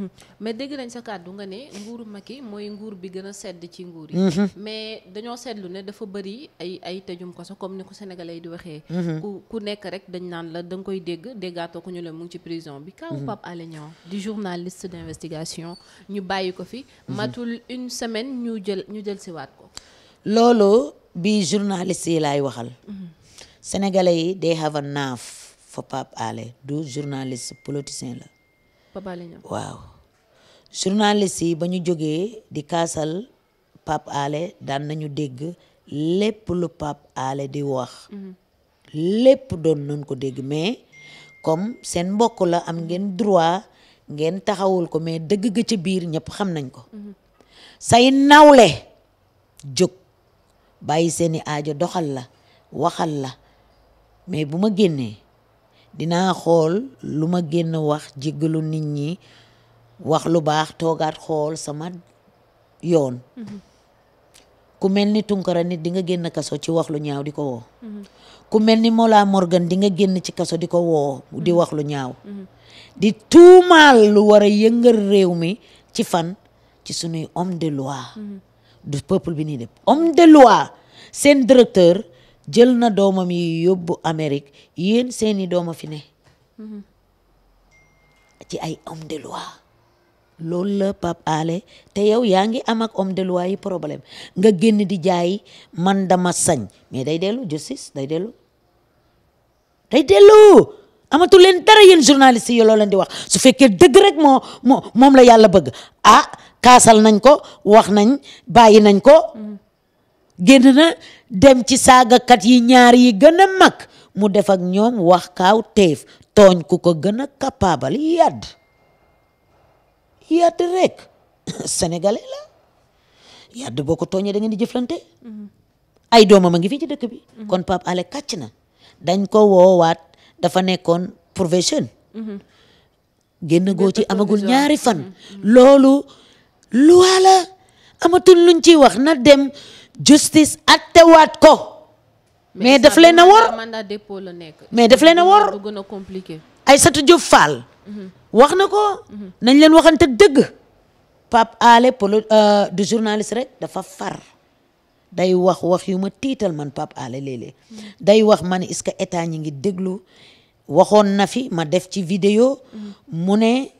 Hmm. mais dégg nañ sa kàddu nga ne nguuru Macky mooy nguur bi gën a sedd ci nguur yi. Hmm. mais dañoo seetlu ne dafa bëri ay ay ko kaso comme ni ko sénégalais yi di waxee. Hmm. ku ku nekk rek dañ naan la da koy dégg déggaatoo ko ñu la mu ngi ci prison bi. kaawu Pape Alé Niang di journaliste d'investigation ñu bàyyi ko fi. matul une semaine ñu jël ñu jël siwaat ko. loolu bi journaliste yi laay waxal. sénégalais yi they have enough for Pape Alé du journaliste politicien la. Papa Alé Niang waaw journaliste ba ñu jógee di kaasal Pape Alé daan nañu dégg lépp lu Pape di wax mhm. lépp doon nañ ko dégg mais comme seen mbokk la am ngeen droit ngeen taxawul ko mais dëgg ga ca biir ñëpp xam nañ ko mhm. say nawle jóg bàyyi seeni aajo doxal la waxal la mais bu ma génnee dinaa xool lu ma génn wax jéggalu nit ñi wax lu baax toogaat xool sama yoon mm-hmm. ku mel ni Tunkara nit dinga nga génn kaso ci wax lu ñaaw di ko woo mm-hmm. ku mel ni Mollah Morgan di nga génn ci kaso di ko woo di mm-hmm. wax lu ñaaw di tuumaal lu war a yëngal réew mi ci fan ci sunuy homme de loi du peuple bi nii de loi seen directeur jël na doomam yi yóbbu Amérique yéen seeni dooma fi ne ay om de loi loolu la Pape Alé te yow yaa ngi am om homme de yi problème nga génn di jaay man dama sañ mais day dellu justice day dellu day dellu amatu leen dara yéen journaliste yi loo leen di wax su fekkee dëgg rek moo moom la yàlla bëgg ah kaasal nañ ko wax nañ bàyyi nañ ko génn na dem ci saagakat yi ñaar yi gën a mag mu def ak ñoom wax kaaw teef tooñ ku ko gën a capable yadd yadd rek sénégalais la yadd boo ko tooñee da di jëflante mm-hmm. ay doomam a ngi fii ci dëkk bi mm-hmm. kon Pape Alé kàcc na dañ ko woowaat dafa nekkoon profession mm-hmm. génn goo ci amagul ñaari fan loolu luwaa la amatul luñ ciy wax na dem justice attewaat ko mais daf leen a war mandat dépôt la nekk mais daf leen a war gën a compliqué Aïssatou Diop Fall mhm. wax na ko mhm. nañ leen waxante dëgg Pape Alé polo euh, du journalist rek dafa far day wax wax yu ma tiital man Pape Alé léeg mhm. day wax man est-ce que état ñi ngi déglu waxoon na fi ma def ci vidéo mu ne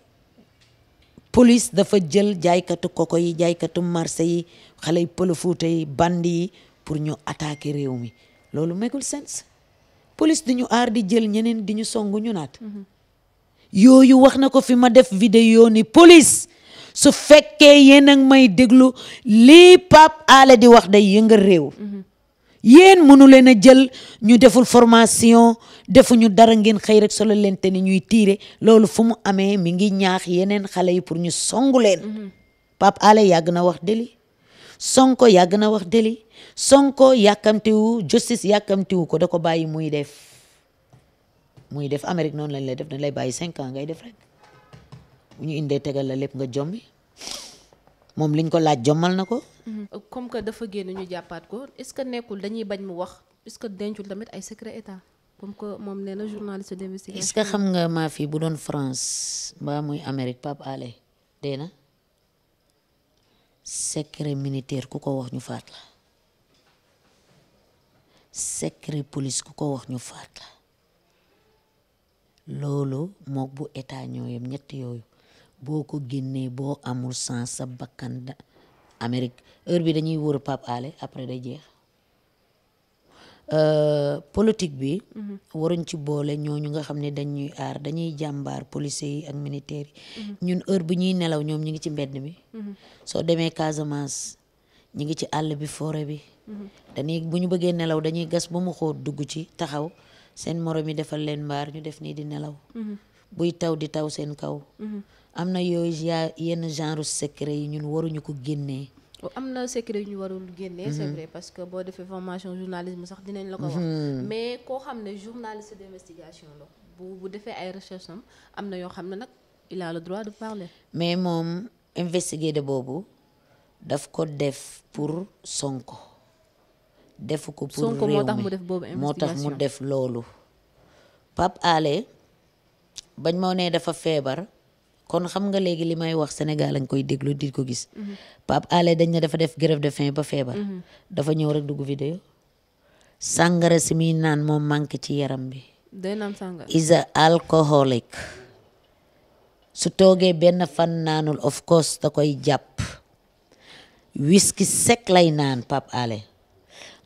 police dafa jël jaaykatu koko yi jaaykatu marse yi xale yi pëlëfuute yi bandi yi pour ñu attaquer réew mi loolu megul sens police di ñu aar di jël ñeneen di ñu song ñu naat mhm. yooyu wax na ko fi ma def vidéo ni police su fekkee yéen a may déglu lii Pape Alé di wax da yënga réew mhm. yéen mënu leen a jël ñu deful formation defuñu dara ngeen xëy rek solo leen te ni ñuy tiire loolu fu mu amee mi ngi ñaax yeneen xale yi pour ñu songu leen. Mhm. Pape Alé yàgg na wax deli Sonko yàgg na wax deli Sonko yàkkamtiwu justice yàkkamtiwu ko da ko bàyyi muy def muy def Amérique noonu lañ lay def dañ lay bàyyi cinq ans ngay def rek bu ñu indee tegal la lépp nga jommi moom liñ ko laaj jommal na ko. Mhm. comme que dafa génn ñu jàppaat ko est-ce que nekkul dañuy bañ mu wax puisque dencul tamit ay secret état comme que moom nee na journaliste d'investigation. est xam nga maa bu doon France mbaa muy Amérique Pape Alé na secret militaire ku ko wax ñu faat la secret police ku ko wax ñu faat la loolu moog bu état ñoo yem ñett yooyu. boo ko génnee boo amul sens sa bakkan da Amérique heure bi dañuy wër Pape Alé après day jeex euh, politique bi mhm. waruñ ci boole ñoo ñu nga xam ne dañuy aar dañuy jàmbaar policiers ak militaires yi mhm. ñun heure bu ñuy nelaw ñoom ñu ngi ci mbedd mi mhm. soo demee Casamance ñu ngi ci àll bi foore bi dañuy bu ñu bëggee nelaw dañuy gas bu mu xóot dugg ci taxaw seen moroom yi defal leen mbaar ñu def nii di nelaw buy taw di taw seen kaw. Mhm. am na yooyu yaa yenn genre secret yi ñun waruñu ko génnee. Oh, am na secret yu ñu warul génnee. c'est mhm. vrai parce que boo defee formation journalisme sax dinañ la ko wax. Mhm. mais koo xam ne journaliste d'investigation la bu bu defee ay recherche am na yoo xam ne nag il a le droit de parler. mais moom investiguer de boobu daf ko def pour Sonko. defu ko pour réew mi Sonko moo tax mu def boobu moo tax mu def loolu Pape bañ ma ne dafa feebar kon xam nga léegi li may wax Sénégal lañ koy déglu di ko gis. Mhm. Pape dañ ne dafa def grève de faim ba feebar. Mhm. dafa ñëw rek dugg vidéo sàngara si muy naan moo manqué ci yaram bi. day naan sàngara is a alcoholic. su toogee benn fan naanul of course da koy jàpp whisky sec lay naan Pape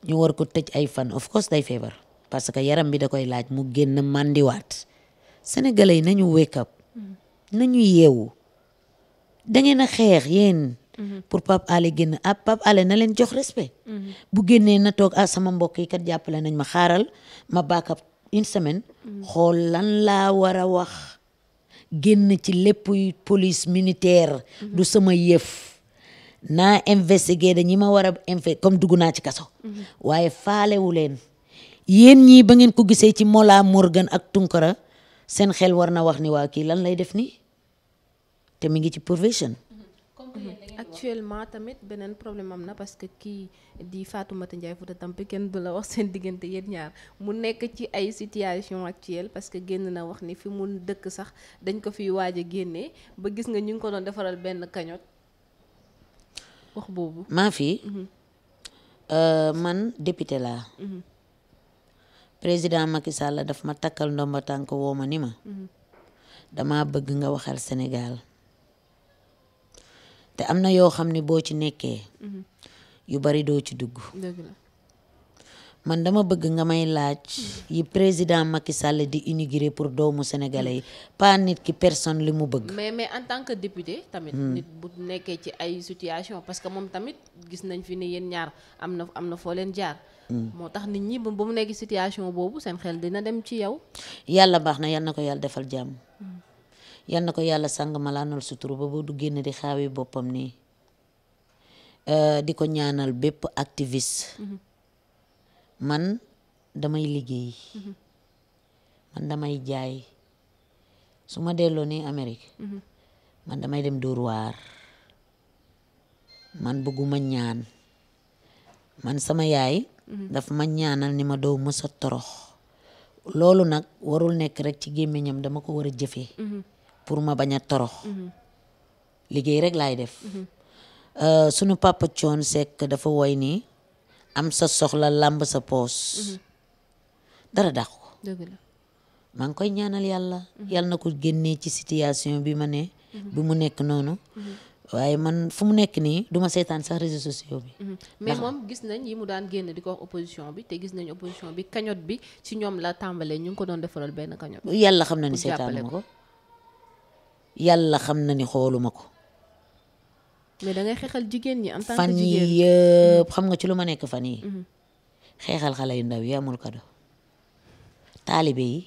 ñu war ko tëj ay fan of course day feebar parce que yaram bi da koy laaj mu génn màndiwaat sénégalais yi nañu wake up mm-hmm. nañu yeewu dangeen a xeex yéen. Mm-hmm. pour Pape Alé génn ah Pape Alé na leen jox respect. Mm-hmm. bu génnee na toog a ah, sama mbokk yi kat jàppale nañ ma xaaral ma back up une semaine. xool lan laa war a wax. génn ci lépp police militaire. du sama yëf. naa investigué da ñi ma war a inve comme dugg naa ci kaso. waaye faalewu leen. yéen ñii ba ngeen ko gisee ci Mola Morgan ak Tunkara seen xel war na wax ni waa kii lan lay def nii te mi ngi ci provision actuellement tamit beneen problème am na parce que kii di Fatoumata Ndiaye Fouta Tampi kenn du la wax seen diggante yéen ñaar mu nekk ci ay situation actuelle parce que génn na wax ni fi mu dëkk sax dañ ko fi waaj a génnee ba gis nga ñu ngi ko doon defaral benn cagnotte wax boobu maa fi mhm. euh, man député laa mhm. président Macky Sall daf ma takkal ndomba tànk woo ma ni ma dama bëgg nga waxal Sénégal te am na yoo xam ne boo ci nekkee yu bari doo ci dugg man dama bëgg nga may laaj yi président Macky Sall di inaugurer pour doomu sénégalais yi pas nit ki personne li mu bëgg. mais mais en tant que député. tamit hmm. nit bu nekkee ci ay situation parce que moom tamit gis nañ fi ni yéen ñaar am na am na foo leen jaar. moo tax nit ñi ba mu nekk situation boobu seen xel dina dem ci yow. yàlla baax na yal na ko yàlla defal jàmm. Mm. yal na ko yàlla sang malaanal suturu ba du génn di xaawi boppam ni euh, di ko ñaanal bépp activiste. Mm-hmm. man damay liggéey. Mm-hmm. man damay jaay su ma delloo nii Amérique. Mm-hmm. man damay dem dóor waar man bëgguma ñaan man sama yaay. dafa ma ñaanal ni ma doo mësa torox loolu nag warul nekk rek ci gémmiñam dama ko war a jëfee mhm. ma bañ a torox mhm. liggéey rek laay def mhm. euh, sunu papa coon sekk dafa woy nii am sa soxla làmb sa poos dara dàq ko maa ngi koy ñaanal yàlla yàlla na ko génnee ci situation bi ma ne bi mu nekk noonu waaye man fu mu nekk nii duma ma seetaan sax réseaux sociaux bi. Mhm. mais moom gis nañ yi mu daan génn di ko wax opposition bi te gis nañ opposition bi cagnotte bi ci ñoom la tàmbalee ñu ngi ko doon defaral benn cagnotte. yàlla xam na ni seetaanuma ko yàlla xam na ni xooluma ko. mais da xeexal jigéen ñi am tant que jigéen fan yëpp xam nga ci lu ma nekk fan yii. Mhm. xeexal xale yu ndaw yi amul kado. taalibe yi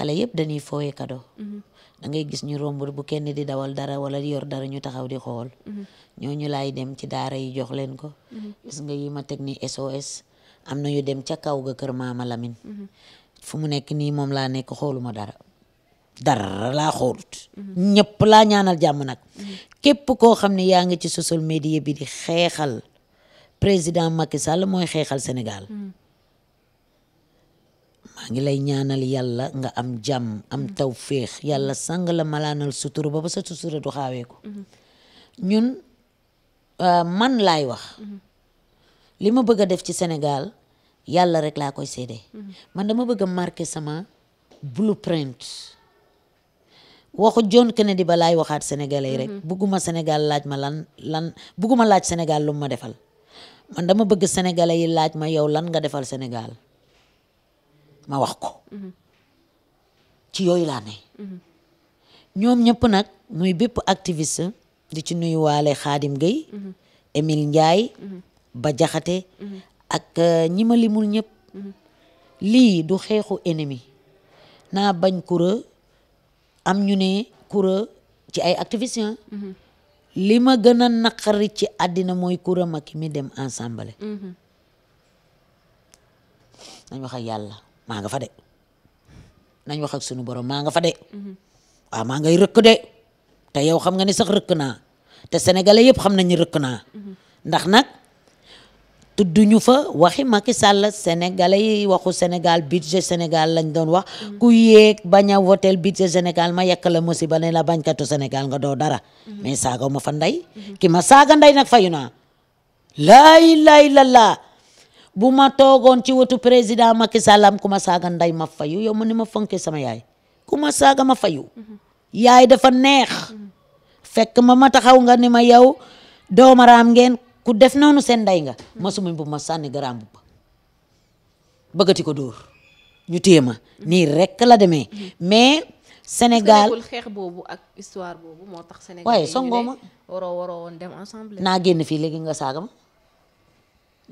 xale yëpp dañuy fooye kado mhm. da ngay gis ñu romb bu kenn di dawal dara wala yor dara ñu taxaw di xool mhm. ñooñu lay dem ci daara yi jox leen ko mhm. gis nga yi ma teg ni SOS am na yu dem ca kaw ga kër maama Lamine fu mu nekk nii moom laa nekk xooluma dara dara laa xoolut ñëpp laa ñaanal jàmm nag képp koo xam ne yaa ngi ci social media bi di xeexal président Macky Sall mooy xeexal Sénégal maa ngi lay ñaanal yàlla nga am jàmm am mm-hmm. tawféex yàlla mm-hmm. sàng la malaanal sutura ba ba sa sutura du xaawee ko mm-hmm. ñun euh, man laay wax li ma bëgg a def ci Sénégal yàlla rek laa koy séedee man dama bëgg a marqué sama blueprint waxu John di ba laay waxaat sénégalais rek bugguma Sénégal laaj ma lan lan bugguma laaj Sénégal lu ma defal man dama bëgg sénégalais yi laaj ma yow lan nga defal Sénégal ma wax ko ci yooyu laa ne ñoom ñëpp nag muy bépp activiste di ci nuyu waale Xaadim Gueye Émile Ndiaye Ba Jaxate ak euh, ñi ma limul ñëpp lii du xeexu ennemi naa bañ kura am ñu ne kura ci ay activiste li ma gën a naqari ci àddina mooy kura ma ki mi dem ensemble dañ mhm. wax ak yàlla maa nga fa de nañ wax sunu borom maa nga fa de mhm. waaw maa ngay rëkk de te yow xam nga ni sax rëkk naa te sénégalais yëpp xam nañu rëkk naa mhm. ndax nag tudduñu fa waxi Macky Sall sénégalais yi waxu Sénégal budget Sénégal lañ doon wax mhm. ku yéeg bañ a votel budget Sénégal ma yekk la musiba ne la bañkatu Sénégal nga doo dara mais saaga ma fa ndey ki ma saaga ndey nag fayu naa laa ilaaha illallaah bu ma toogoon ci wetu président Macky Sall am ku ma saaga ndey ma fayu yow ma ni ma fonkee sama yaay ku ma saaga ma fayu yaay dafa neex fekk ma ma taxaw nga ne ma yow doomaraam ngeen ku def noonu seen nday nga ma sumuñ bu ma sànni garaam ba bëggati ko dóor ñu téye ma nii rek la demee mais Sénégal xeex boobu ak histoire boobu moo tax Sénégal waaye songoo ma waroo waroo woon dem ensemble naa génn fii léegi nga saaga ma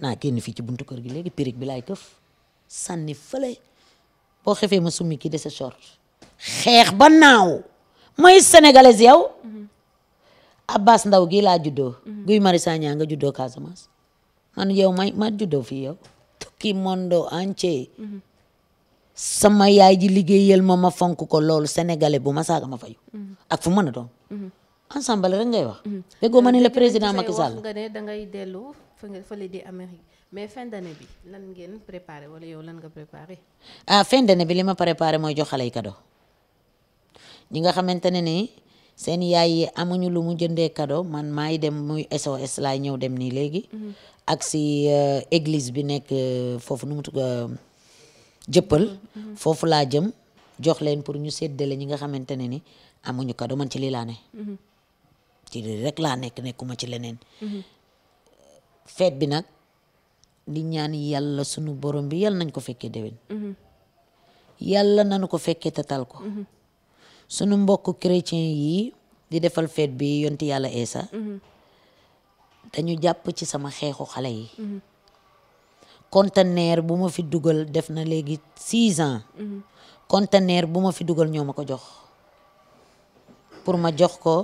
naa génn fii ci buntu kër gi léegi périg bi këf sànni fële boo xefee ma summi kii de sa short xeex ba naaw mooy sénégalais yow mm-hmm. abbas ndaw gii laa juddoo mm-hmm. guy mari sagna nga juddoo Casamance man yow may ma juddoo fii yow tukki mondo entier mm-hmm. sama yaay ji liggéeyal ma ma fonk ko loolu sénégalais bu ma saaga ma fayu ak fu mën a doon ensemble rek ngay wax déggoo la président Macky Sall fële fële di Amérique mais fin d'année bi lan ngeen préparé wala yow lan nga préparé. ah fin bi li ma préparé mooy jox xale yi cadeau ñi nga xamante ne ni seen yaay yi amuñu lu mu jëndee cadeau man maay dem muy SOS laay ñëw dem nii léegi. Mm-hmm. ak si euh, église bi nekk euh, foofu nu mu euh, jëppal mm-hmm. foofu laa jëm jox leen pour ñu séddale ñi nga xamante ne ni amuñu kado man ci lii laa ne. Mm-hmm. ci lii rek laa nekk nekkuma ci leneen. feet bi nag di ñaan yàlla sunu borom bi yàlla nañ ko fekkee déwén mhm. yàlla nañu ko fekkee tatal ko mhm. sunu mbokk chrétien yi di defal feet bi yonti yàlla eesa mhm. dañu jàpp ci sama xeexu xale yi conteneur bu ma fi dugal def na léegi six ans conteneur bu ma fi dugal ñoo ma ko jox pour ma jox ko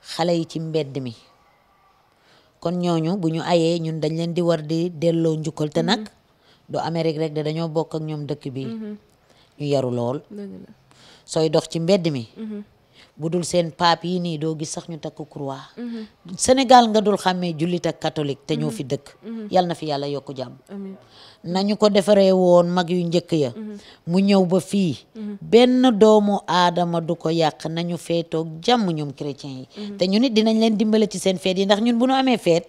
xale yi ci mbedd mi kon ñooñu bu ñu ayee ñun dañ leen di war di delloo njukkal te nag mm-hmm. du Amérique rek de dañoo bokk ak ñoom dëkk bi mm-hmm. ñu yaru lool sooy dox ci mbedd mi mm-hmm. bu dul seen paap yi nii doo gis sax ñu takk croix senegal nga dul xàmmee jullit ak catholique te ñoo fi dëkk yal na fi yàlla yokk jàmm nañu ko defaree woon mag yu njëkk ya mu ñëw ba fii benn doomu aadama du ko yàq nañu feetoog jàmm ñoom chrétien yi te ñu nit dinañ leen dimbale ci seen feet yi ndax ñun bu ñu amee feet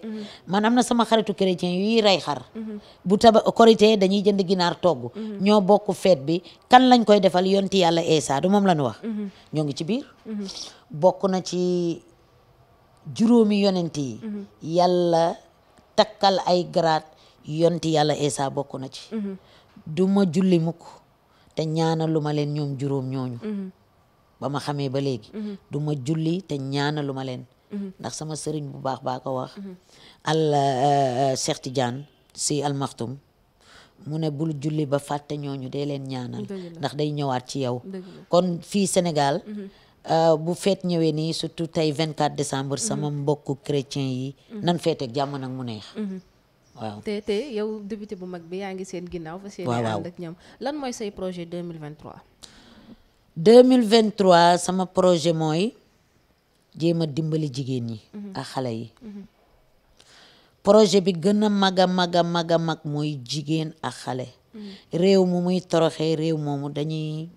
man am na sama xaritu chrétien yuy rey xar bu taba korité dañuy jënd ginaar togg ñoo bokk feet bi kan lañ koy defal yonti yàlla Eesa du moom lañu wax ñoo ngi ci biir bokk na ci juróomi yonent yi yàlla takkal ay garaat yonti yàlla Eesa bokk na ci. Mhm. du ma julli mukk te lu ma leen ñoom juróom ñooñu. Mhm. ba ma xamee ba léegi. Mhm. du julli te lu ma leen. ndax sama sëriñ bu baax baa ko wax. al euh, euh, Cheikh Tidiane si al mu ne bul julli ba fàtte ñooñu dee leen ñaanal. ndax day ñëwaat ci yow. kon fii Sénégal. Euh, bu feet ñëwee nii surtout tey vingt 24 décembre. sama mbokku chrétien yi. nan feeteeg jàmm nag mu neex. waaw te te yow député bu mag bi yaa ngi seen ginnaaw. fa seen ànd ak ñoom lan mooy say projet 2023. 2023 sama projet mooy jéem a dimbali jigéen ñi. Mhm. ak xale yi. Mhm. projet bi gën a mag a mag a mag a mag mooy jigéen ak xale. Mhm. réew mu muy toroxee réew moomu dañuy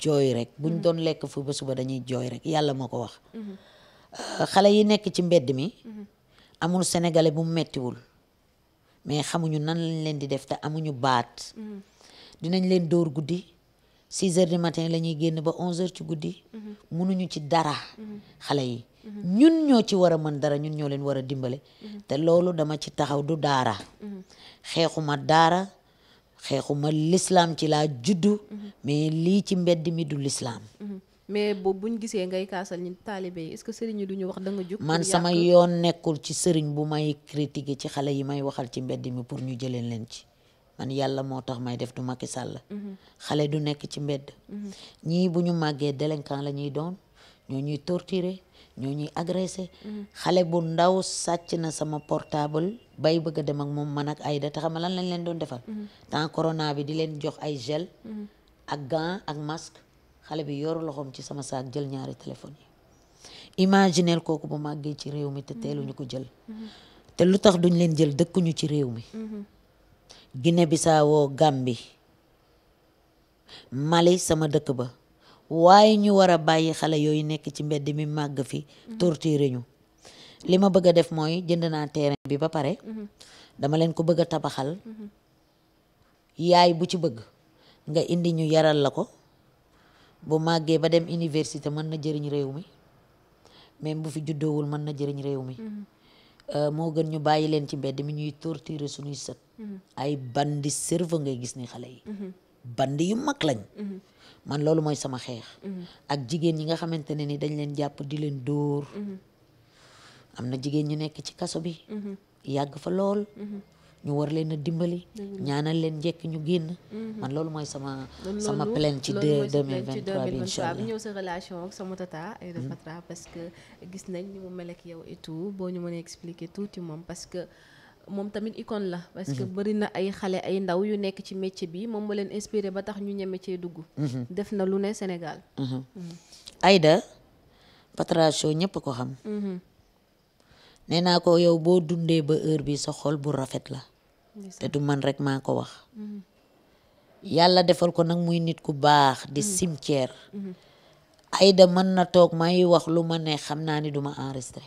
jooy rek buñ doon lekk fu ba suba dañuy jooy rek yàlla ma ko wax. xale yi nekk ci mbedd mi. amul sénégalais bu mettiwul. mais xamuñu nan lañ leen di def te amuñu baat. Mm-hmm. dinañ leen dóor guddi. 6 di du matin la ñuy génn ba 11 heures ci guddi. mënuñu mm-hmm. ci dara. Mm-hmm. xale yi ñun ñoo ci war a mën dara ñun ñoo leen war a dimbale. te loolu dama ci taxaw du daara. xeexuma daara xeexuma lislaam ci laa juddu. mais lii ci mbedd mi du lislaam mais boobu bu ñu gisee ngay kaasal ñun taalibe yi est-ce sëriñ yi du ñu wax da nga jóg. man sama yoon nekkul ci sëriñ bu may critiquer ci xale yi may waxal ci mbedd mi pour ñu jëleen leen ci man yàlla moo tax may def du Macky Sall. Mhm. xale du nekk ci mbedd. Mhm. ñii bu ñu màggee délinquant la ñuy doon ñoo ñuy torturer ñoo ñuy agressé. Mhm. xale bu ndaw sàcc na sama portable bay bëgg dem ak moom man ak Aïda te xam lan lañ leen doon defal. temps corona bi di leen jox ay gel. ak gant xale bi yoru loxoom ci sama saak jël ñaari téléphone yi imagineel kooku bu màggee ci réew mi te teeluñu ko jël te lu tax duñ leen jël dëkkuñu ci réew mi Guinée Bissau bi Mali sama dëkk ba waaye ñu war a bàyyi xale yooyu nekk ci mbedd mi màgg fi torturer ñu li ma bëgg def mooy jënd naa terrain bi ba pare dama leen ko bëgg a tabaxal yaay bu ci bëgg nga indi ñu yaral la ko bu màggee ba dem université mën na jëriñ réew mi bu fi juddoowul mën na jëriñ réew mi mm-hmm. euh, moo gën ñu bàyyi leen ci mbedd mi ñuy torturer suñuy sët mm-hmm. ay bandi cerveau ngay gis ni xale yi mm-hmm. bandi yu mag lañ man loolu mooy sama xeex ak jigéen ñi nga xamante ne ni dañ leen jàpp di leen dóor am na jigéen ñu nekk ci kaso bi yàgg fa lool ñu war leen a dimbali. ñaanal leen njekk ñu génn. Mhm. man loolu mooy sama sama plainte ci deux mille vingt trois bi incha allah ñëw sa relation ak sama tata Aïda mhm. Fatra parce que gis nañ ni mu mel ak yow et tout boo ñu mënee expliquer tout ci moom parce que. moom tamit icône la parce que mhm. bëri na ay xale ay ndaw yu nekk ci métier bi moom ma leen inspiré ba tax ñu ñeme cee dugg def na lu ne Sénégal Aïda Patra Show ñëpp ko xam nee naa ko yow boo dundee ba heure bi sa xol bu rafet la te du man rek maa ko wax mm-hmm. yàlla defal ko nag muy nit ku baax di mm-hmm. cimetière mm-hmm. ayda man na toog may wax lu ma neex xam naa ni du ma enregistré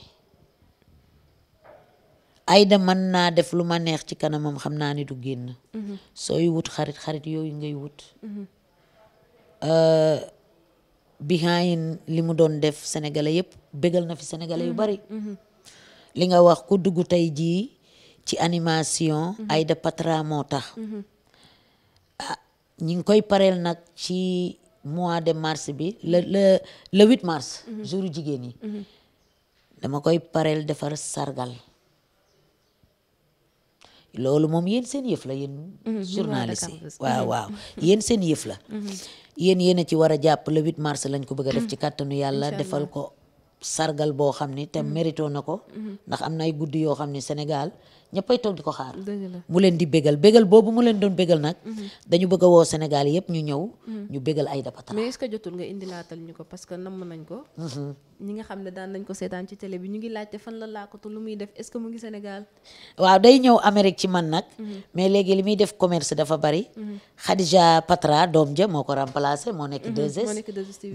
ayda man naa def lu ma neex ci kanamam xam naa ni du génn sooy wut xarit xarit yooyu ngay wut euh, behind li mu doon def sénégalais yëpp bégal na fi sénégalais yu bari li nga wax ku dugg tey jii ci animation mhm. ay Patra moo tax mhm. ah ngi koy pareel nag ci mois de mars bi le le le huit mars mhm. jour jigéen yi dama koy pareel defar sargal loolu moom yéen seen yëf la yéen journaliste waaw yéen seen yëf la yéen a ci war a jàpp le huit mars lañ ko bëgg a def ci kàttanu yàlla defal ko sargal boo xam ni te merito mm-hmm. na ko mm-hmm. ndax am na ay guddi yoo xam ni Sénégal ñëppay toog di ko xaar mu leen di bégal bégal boobu mu leen doon bégal nag mhm. dañu bëgg a woo Sénégal ñu ñëw mhm. ñu bégal Aïda Patra mhm. la mu ngi li muy def commerce dafa bari Khadija Patra doom ja moo ko remplacé moo nekk 2S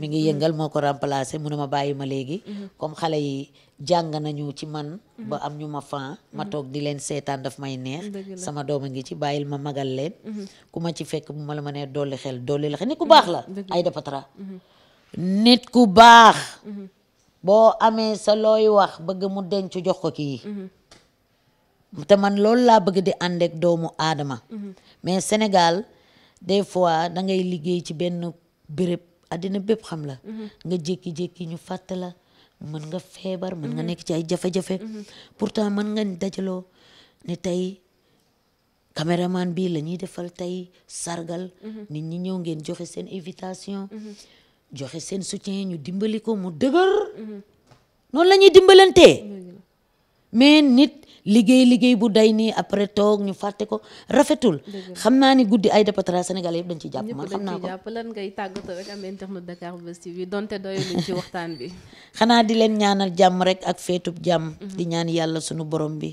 mi yëngal moo ko remplacé mu ne ma bàyyi ma léegi comme xale yi jàng nañu ci man. Mhm. ba am ñu ma fan ma mhm. toog di leen seetaan daf may neex. sama doom a ngi ci bàyyil ma magal leen. Mhm. ku ma ci fekk bu ma la ma nee dolli xel dolli la xel nit ku baax la. ay Aïda Patra nit ku baax. boo amee sa looy wax bëgg mu denc jox ko kii. te man loolu laa bëgg di ànd doomu aadama. mais Sénégal des fois da liggéey ci benn béréb àddina bépp xam la. nga jékki-jékki ñu fàtt la. mën nga feebar mën nga mhm. nekk ci ay jafe-jafe mhm. pourtant mën nga dajaloo ne tey man bi la ñuy defal tey sargal mhm. nit ñi ñëw ngeen joxe seen invitation joxe seen soutien ñu dimbali ko mu dëgër noonu la ñuy dimbalantee mais nit liggéey liggéey bu day nii après toog ñu fàtte ko rafetul. xam naa ni guddi ay Patra Sénégal yëpp dañ ciy jàpp man xam naa ko jàpp lan ngay tàggatoo rek am internet Dakar Buzz TV donte doyul ci waxtaan bi. xanaa di leen ñaanal jàmm rek ak feetub jàmm. Mhm. di ñaan yàlla sunu borom bi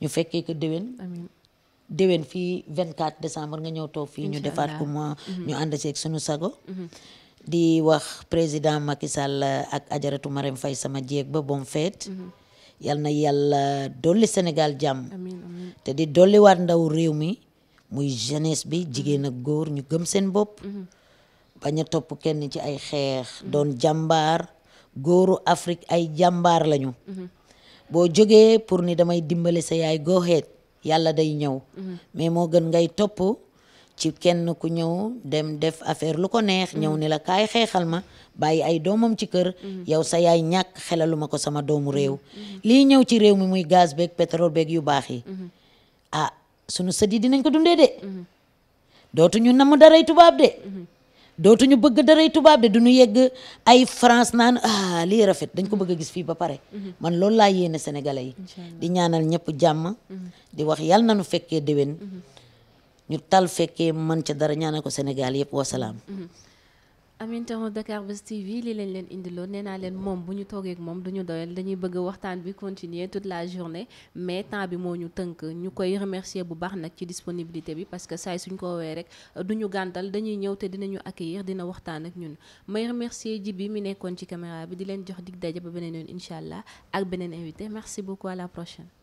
ñu fekkee ko déwén. amiin déwén fii 24 décembre nga ñëw toog fii. ñu defaat ko mois mhm. ñu ànd seeg sunu sago. Mhm. di wax président Macky Sall ak ajaratu Marème fay sama jéeg ba bon fête. yal na yàlla dolli senegal jàmm te di dolliwaat ndaw réew mi muy jeunesse bi jigéen ak góor ñu gëm seen bopp mm-hmm. bañ a topp kenn ci ay xeex mm-hmm. doon jàmbaar góoru Afrique ay jàmbaar lañu mm-hmm. boo jógee pour ni damay dimbali sa yaay go ahead yàlla day ñëw mais moo gën ci kenn ku ñëw dem def affaire lu ko neex ñëw mm. ni la kaay xeexal ma bàyyi ay doomam ci kër mm-hmm. yow sa yaay ñàkk xelaluma ko sama doomu réew mm-hmm. lii ñëw ci réew mi muy gaz beeg pétrole beeg yu baax yi mm-hmm. ah sunu sët yi dinañ ko dundee de dootuñu namm daray tubaab de dootuñu bëgg daray tubaab de duñu yegg ay France naan ah lii rafet dañ ko bëgg a gis fii ba pare man loolu laa yéene sénégalais yi di ñaanal ñëpp jàmm di wax yàlla nañu fekkee déwén ñu tal fekkee man ca dara ñaanal ko Sénégal yëpp wasalaam. Mm-hmm. Aminta Dakar Buzz TV lii lañ leen indiloon nee naa leen moom bu ñu toogee moom duñu doyal dañuy bëgg waxtaan bi continuer toute la journée mais temps bi moo ñu tënk ñu koy remercier bu baax nag ci disponibilité bi parce que saay suñ ko woowee rek duñu gàntal dañuy ñëw te dinañu ak accueillir dina waxtaan ak ñun may remercier Jibi mi nekkoon ci caméra bi di leen jox dig daje ba beneen yoon incha allah ak beneen invité merci beaucoup la prochaine.